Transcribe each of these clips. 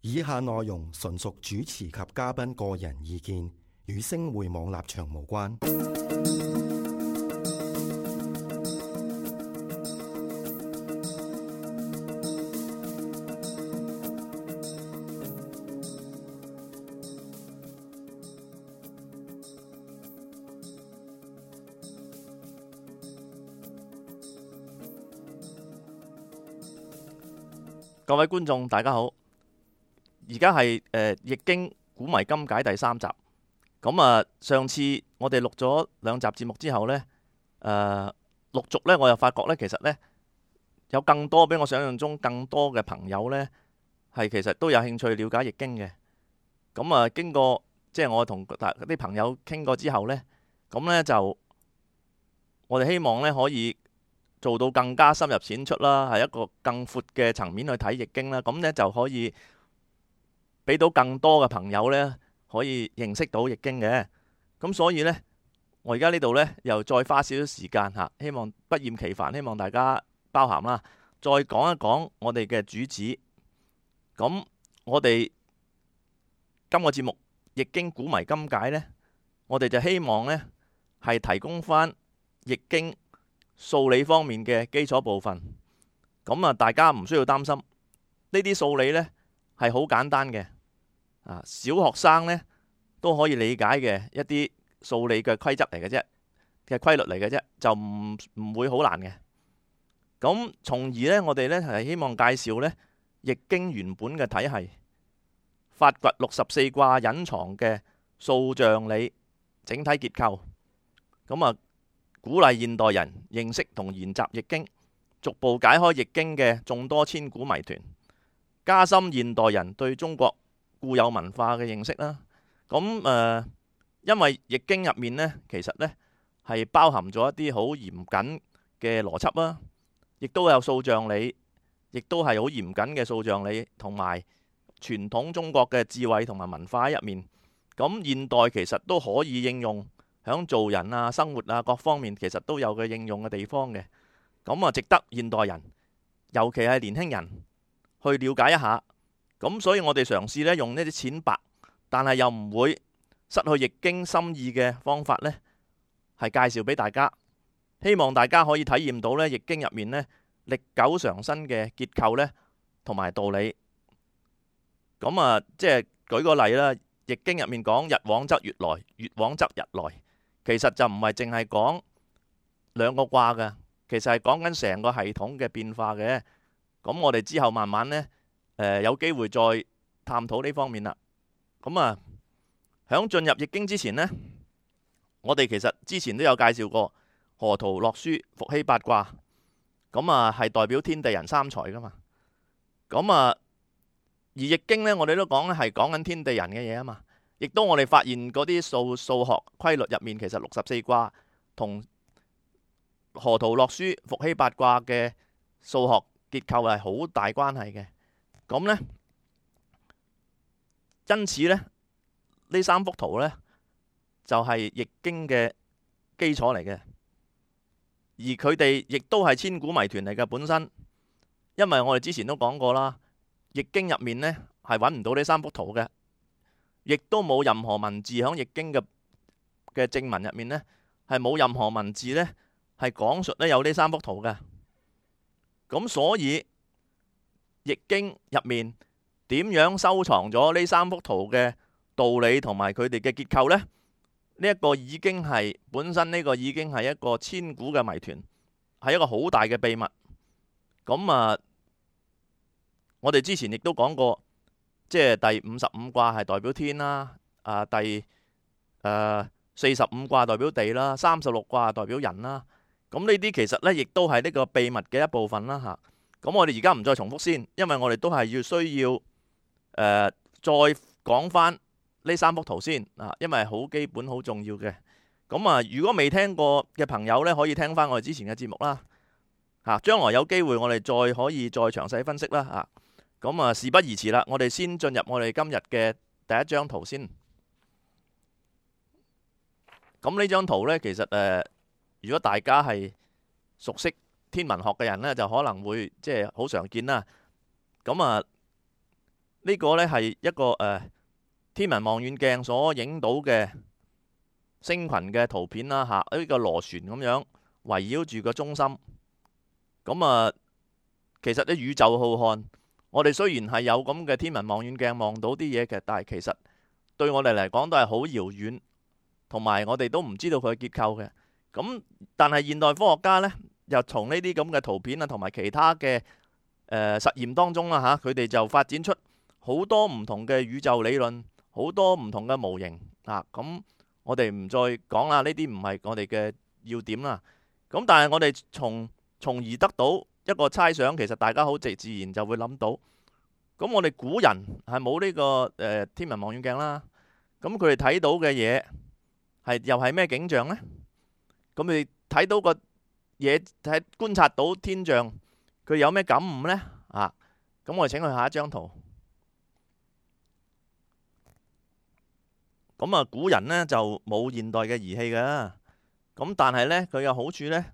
以下內容純屬主持及嘉賓個人意見，與星匯網立場無關。各位觀眾，大家好。而家係誒《易經古謎今解》第三集咁啊。上次我哋錄咗兩集節目之後呢，誒、呃、陸續咧，我又發覺呢，其實呢，有更多比我想象中更多嘅朋友呢，係其實都有興趣了解《易經》嘅。咁啊，經過即係我同啲朋友傾過之後呢，咁呢，就我哋希望呢，可以做到更加深入淺出啦，係一個更闊嘅層面去睇《易經》啦。咁呢，就可以，俾到更多嘅朋友呢，可以認識到易經嘅，咁所以呢，我而家呢度呢，又再花少少時間嚇，希望不厭其煩，希望大家包涵啦，再講一講我哋嘅主旨。咁我哋今個節目《易經古謎今解》呢，我哋就希望呢，係提供翻易經數理方面嘅基礎部分。咁啊，大家唔需要擔心呢啲數理呢，係好簡單嘅。啊！小學生呢都可以理解嘅一啲數理嘅規則嚟嘅啫，嘅規律嚟嘅啫，就唔唔會好難嘅。咁從而呢，我哋呢係希望介紹呢《易經》原本嘅體系，發掘六十四卦隱藏嘅數象理整體結構。咁啊，鼓勵現代人認識同研習易經，逐步解開易經嘅眾多千古謎團，加深現代人對中國固有文化嘅認識啦，咁誒，因為易經入面呢，其實呢係包含咗一啲好嚴謹嘅邏輯啦，亦都有數象理，亦都係好嚴謹嘅數象理，同埋傳統中國嘅智慧同埋文化入面，咁現代其實都可以應用喺做人啊、生活啊各方面，其實都有嘅應用嘅地方嘅，咁啊，值得現代人，尤其係年輕人去了解一下。咁所以我哋嘗試咧用呢啲淺白，但係又唔會失去易經心意嘅方法咧，係介紹俾大家，希望大家可以體驗到咧易經入面咧歷久常新嘅結構咧同埋道理。咁啊，即係舉個例啦，易經入面講日往則月來，月往則日來，其實就唔係淨係講兩個卦㗎，其實係講緊成個系統嘅變化嘅。咁我哋之後慢慢咧。誒、呃，有機會再探討呢方面啦。咁、嗯、啊，響進入《易經》之前呢，我哋其實之前都有介紹過河圖、洛書、伏羲八卦。咁、嗯、啊，係代表天地人三才噶嘛。咁、嗯、啊，而《易經》呢，我哋都講係講緊天地人嘅嘢啊嘛。亦都我哋發現嗰啲數數學規律入面，其實六十四卦同河圖、洛書、伏羲八卦嘅數學結構係好大關係嘅。咁呢，因此呢，呢三幅圖呢，就係易經嘅基礎嚟嘅，而佢哋亦都係千古謎團嚟嘅本身，因為我哋之前都講過啦，易經入面呢係揾唔到呢三幅圖嘅，亦都冇任何文字響易經嘅嘅正文入面呢，係冇任何文字呢係講述呢有呢三幅圖嘅，咁所以。易經入面點樣收藏咗呢三幅圖嘅道理同埋佢哋嘅結構呢？呢、呢、一個已經係本身呢個已經係一個千古嘅謎團，係一個好大嘅秘密。咁啊，我哋之前亦都講過，即係第五十五卦係代表天啦，啊第四十五卦代表地啦，三十六卦代表人啦。咁呢啲其實呢，亦都係呢個秘密嘅一部分啦，吓。咁我哋而家唔再重複先，因為我哋都係要需要誒、呃、再講返呢三幅圖先啊，因為好基本、好重要嘅。咁啊，如果未聽過嘅朋友呢，可以聽返我哋之前嘅節目啦。嚇，將來有機會我哋再可以再詳細分析啦。嚇，咁啊，事不宜遲啦，我哋先進入我哋今日嘅第一張圖先。咁呢張圖呢，其實誒、呃，如果大家係熟悉天文學嘅人呢，就可能會即係好常見啦。咁啊，呢個呢係一個誒、呃、天文望遠鏡所影到嘅星群嘅圖片啦、啊，吓呢個螺旋咁樣圍繞住個中心。咁啊，其實啲宇宙浩瀚，我哋雖然係有咁嘅天文望遠鏡望到啲嘢嘅，但係其實對我哋嚟講都係好遙遠，同埋我哋都唔知道佢嘅結構嘅。咁但係現代科學家呢。又從呢啲咁嘅圖片啊，同埋其他嘅誒實驗當中啦嚇，佢哋就發展出好多唔同嘅宇宙理論，好多唔同嘅模型啊。咁我哋唔再講啦，呢啲唔係我哋嘅要點啦。咁但係我哋從從而得到一個猜想，其實大家好直自然就會諗到。咁我哋古人係冇呢個誒天文望遠鏡啦，咁佢哋睇到嘅嘢係又係咩景象呢？咁佢哋睇到個嘢睇觀察到天象，佢有咩感悟呢？啊，咁我哋請去下一張圖。咁啊，古人呢就冇現代嘅儀器嘅，咁但係呢，佢嘅好處呢，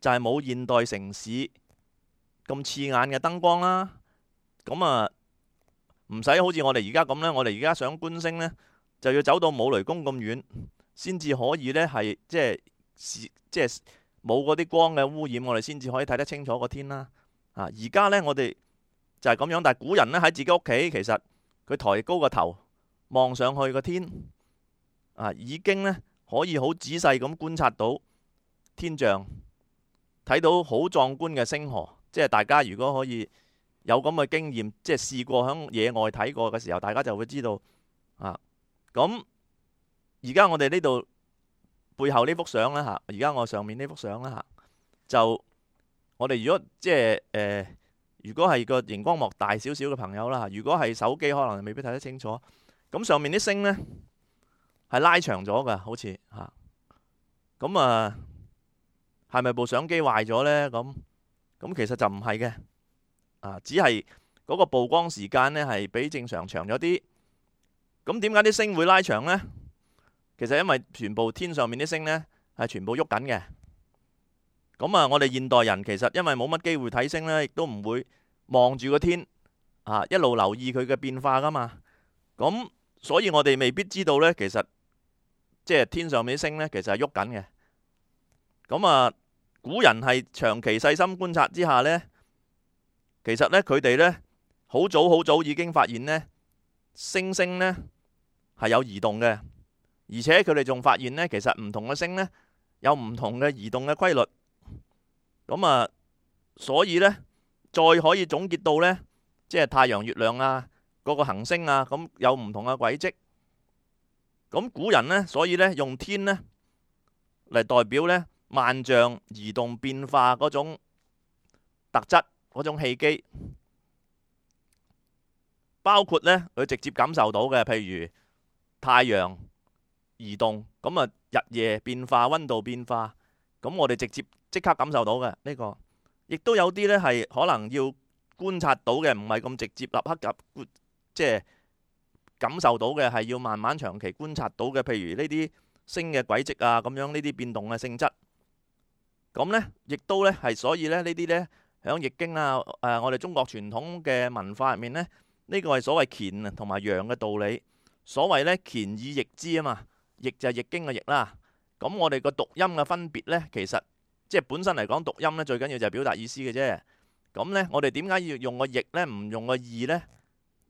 就係冇現代城市咁刺眼嘅燈光啦。咁啊，唔使好似我哋而家咁呢。我哋而家想觀星呢，就要走到武雷宮咁遠，先至可以呢，係即係即係。冇嗰啲光嘅污染，我哋先至可以睇得清楚個天啦。啊，而家呢，我哋就係咁樣，但係古人呢喺自己屋企，其實佢抬高個頭望上去個天，啊已經呢可以好仔細咁觀察到天象，睇到好壯觀嘅星河。即係大家如果可以有咁嘅經驗，即係試過喺野外睇過嘅時候，大家就會知道啊。咁而家我哋呢度。背後呢幅相咧吓，而家我上面呢幅相啦吓，就我哋如果即係誒、呃，如果係個熒光幕大少少嘅朋友啦，如果係手機可能未必睇得清楚。咁上面啲星呢，係拉長咗嘅，好似吓。咁啊，係咪部相機壞咗呢？咁咁其實就唔係嘅，啊，只係嗰個曝光時間呢，係比正常長咗啲。咁點解啲星會拉長呢？其實因為全部天上面啲星呢係全部喐緊嘅。咁啊，我哋現代人其實因為冇乜機會睇星呢，亦都唔會望住個天啊，一路留意佢嘅變化噶嘛。咁所以我哋未必知道呢，其實即係天上面啲星呢，其實係喐緊嘅。咁啊，古人係長期細心觀察之下呢，其實呢，佢哋呢，好早好早已經發現呢，星星呢係有移動嘅。而且佢哋仲發現咧，其實唔同嘅星咧有唔同嘅移動嘅規律，咁啊，所以咧再可以總結到咧，即係太陽、月亮啊，嗰個行星啊，咁有唔同嘅軌跡。咁古人咧，所以咧用天咧嚟代表咧萬象移動變化嗰種特質嗰種氣機，包括咧佢直接感受到嘅，譬如佢太陽。移動咁啊，日夜變化，溫度變化，咁我哋直接即刻感受到嘅呢個，亦都有啲呢係可能要觀察到嘅，唔係咁直接，立刻及即係感受到嘅係要慢慢長期觀察到嘅，譬如呢啲星嘅軌跡啊，咁樣呢啲變動嘅性質。咁呢亦都呢係所以呢呢啲呢，喺易經啊，誒、呃、我哋中國傳統嘅文化入面呢，呢個係所謂乾同埋陽嘅道理，所謂呢乾以易知啊嘛。易就係易經嘅易啦。咁我哋個讀音嘅分別呢，其實即係本身嚟講讀音呢最緊要就係表達意思嘅啫。咁呢，我哋點解要用個易呢？唔用個易呢？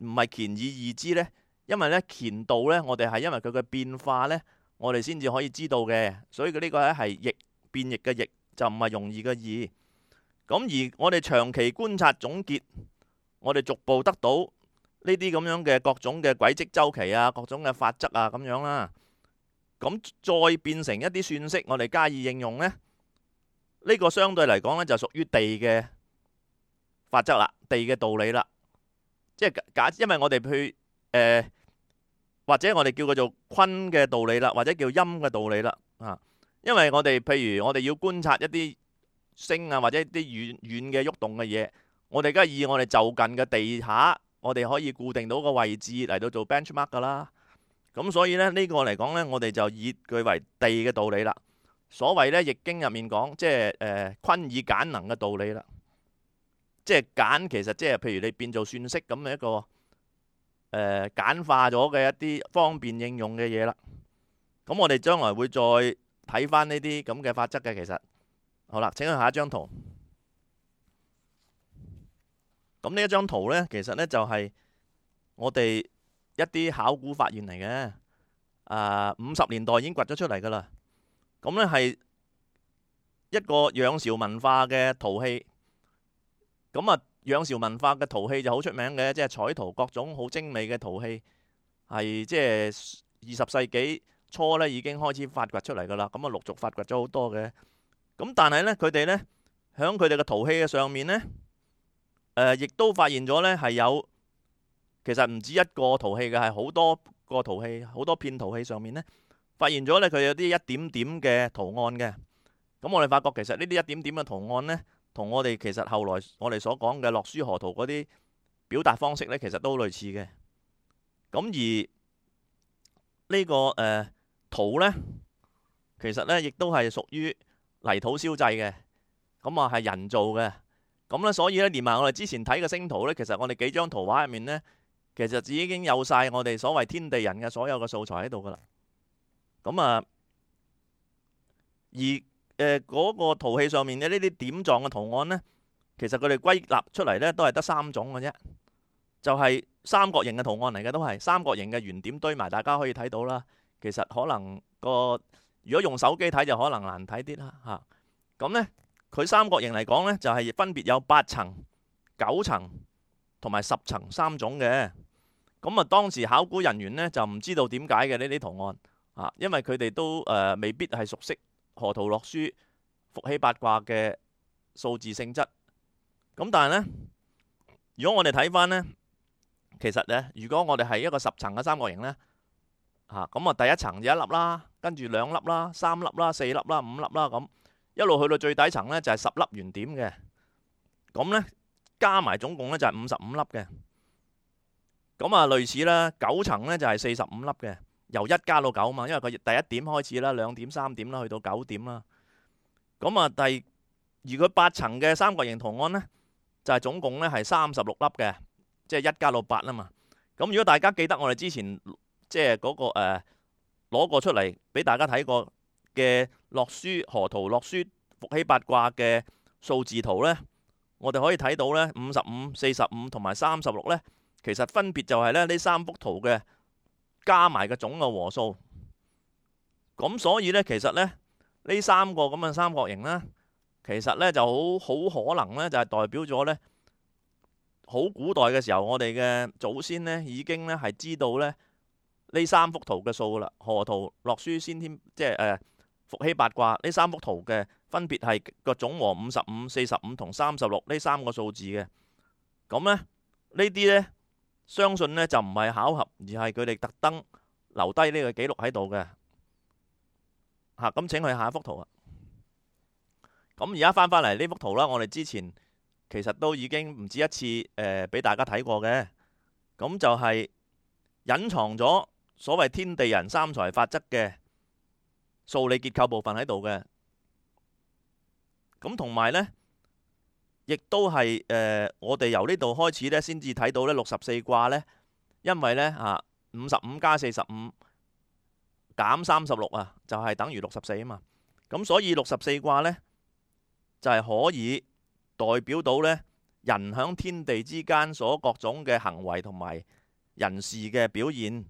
唔係乾以易知呢？因為呢，乾道呢，我哋係因為佢嘅變化呢，我哋先至可以知道嘅。所以佢呢個咧係易，變易嘅易，就唔係容易嘅易。咁而我哋長期觀察總結，我哋逐步得到呢啲咁樣嘅各種嘅軌跡周期啊，各種嘅法則啊，咁樣啦。咁再變成一啲算式，我哋加以應用呢呢、呢個相對嚟講呢就屬於地嘅法則啦，地嘅道理啦，即係假，因為我哋去、呃、或者我哋叫佢做坤嘅道理啦，或者叫陰嘅道理啦，因為我哋譬如我哋要觀察一啲星啊，或者一啲遠遠嘅喐動嘅嘢，我哋梗係以我哋就近嘅地下，我哋可以固定到個位置嚟到做 benchmark 噶啦。咁所以呢，呢個嚟講呢我哋就以佢為地嘅道理啦。所謂呢，易經入面講，即係誒，坤以簡能嘅道理啦。即係簡，其實即係譬如你變做算式咁嘅一個誒簡化咗嘅一啲方便應用嘅嘢啦。咁我哋將來會再睇翻呢啲咁嘅法則嘅。其實好啦，請去下一張圖。咁呢一張圖呢其實呢就係我哋。一啲考古發現嚟嘅。啊五十年代已經掘咗出嚟噶啦，咁呢係一個仰韶文化嘅陶器，咁啊仰韶文化嘅陶器就好出名嘅，即係彩陶，各種好精美嘅陶器，係即係二十世紀初呢已經開始發掘出嚟噶啦，咁啊陸續發掘咗好多嘅，咁但係呢，佢哋呢，響佢哋嘅陶器嘅上面呢，呃，亦都發現咗呢係有。其實唔止一個陶器嘅，係好多個陶器，好多片陶器上面呢發現咗呢佢有啲一點點嘅圖案嘅。咁我哋發覺，其實呢啲一點點嘅圖案呢，同我哋其實後來我哋所講嘅《洛書河圖》嗰啲表達方式呢，其實都很類似嘅。咁而呢、這個誒土呢，其實呢亦都係屬於泥土燒製嘅。咁啊係人造嘅。咁呢，所以呢，連埋我哋之前睇嘅星圖呢，其實的的我哋幾張圖畫入面呢。其實已經有晒我哋所謂天地人嘅所有嘅素材喺度噶啦，咁啊，而誒嗰個陶器上面嘅呢啲點狀嘅圖案呢，其實佢哋歸納出嚟呢都係得三種嘅啫，就係三角形嘅圖案嚟嘅，都係三角形嘅圓點堆埋，大家可以睇到啦。其實可能個如果用手機睇就可能難睇啲啦吓。咁呢，佢三角形嚟講呢，就係分別有八層、九層同埋十層三種嘅。咁啊，當時考古人員咧就唔知道點解嘅呢啲圖案啊，因為佢哋都誒未必係熟悉河圖洛書伏羲八卦嘅數字性質。咁但係咧，如果我哋睇翻咧，其實咧，如果我哋係一個十層嘅三角形咧，啊咁啊，第一層就一粒啦，跟住兩粒啦，三粒啦，四粒啦，五粒啦，咁一路去到最底層咧就係十粒圓點嘅。咁咧加埋總共咧就係五十五粒嘅。咁啊，類似啦，九層呢就係四十五粒嘅，由一加到九嘛，因為佢第一點開始啦，兩點、三點啦，去到九點啦。咁啊，第二個八層嘅三角形圖案呢，就係、是、總共呢係三十六粒嘅，即係一加到八啦嘛。咁如果大家記得我哋之前即係嗰個誒攞，呃，過出嚟俾大家睇過嘅洛書，河圖洛書伏羲八卦嘅數字圖呢，我哋可以睇到呢，五十五、四十五同埋三十六呢。其實分別就係咧呢三幅圖嘅加埋個總嘅和數，咁所以呢，其實咧呢三個咁嘅三角形呢，其實呢就好好可能呢就係代表咗呢好古代嘅時候，我哋嘅祖先呢已經咧係知道咧呢三幅圖嘅數啦。河圖、洛書、先天，即係誒伏羲八卦呢三幅圖嘅分別係個總和五十五、四十五同三十六呢三個數字嘅，咁呢呢啲呢。相信呢就唔係巧合，而係佢哋特登留低呢個記錄喺度嘅。吓、啊，咁請去下一幅圖啊。咁而家翻返嚟呢幅圖啦，我哋之前其實都已經唔止一次誒俾、呃、大家睇過嘅。咁就係隱藏咗所謂天地人三才法則嘅數理結構部分喺度嘅。咁同埋呢。亦都係誒、呃，我哋由呢度開始呢，先至睇到呢六十四卦呢，因為呢，啊，五十五加四十五減三十六啊，就係、是、等於六十四啊嘛。咁所以六十四卦呢，就係、是、可以代表到呢，人喺天地之間所各種嘅行為同埋人事嘅表現。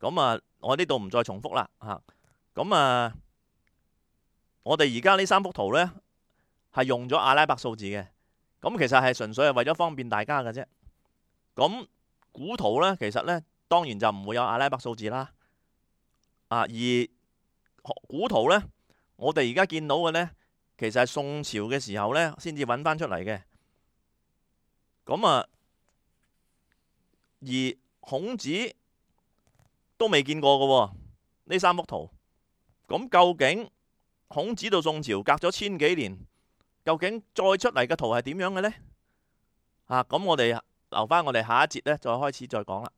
咁啊，我呢度唔再重複啦啊。咁啊，我哋而家呢三幅圖呢，係用咗阿拉伯數字嘅。咁其實係純粹係為咗方便大家嘅啫。咁古圖呢，其實呢，當然就唔會有阿拉伯數字啦、啊。而古圖呢，我哋而家見到嘅呢，其實係宋朝嘅時候呢先至搵翻出嚟嘅。咁啊，而孔子都未見過嘅呢、啊、三幅圖。咁究竟孔子到宋朝隔咗千幾年？究竟再出嚟嘅圖係點樣嘅呢？啊，咁我哋留返我哋下一節呢，再開始再講啦。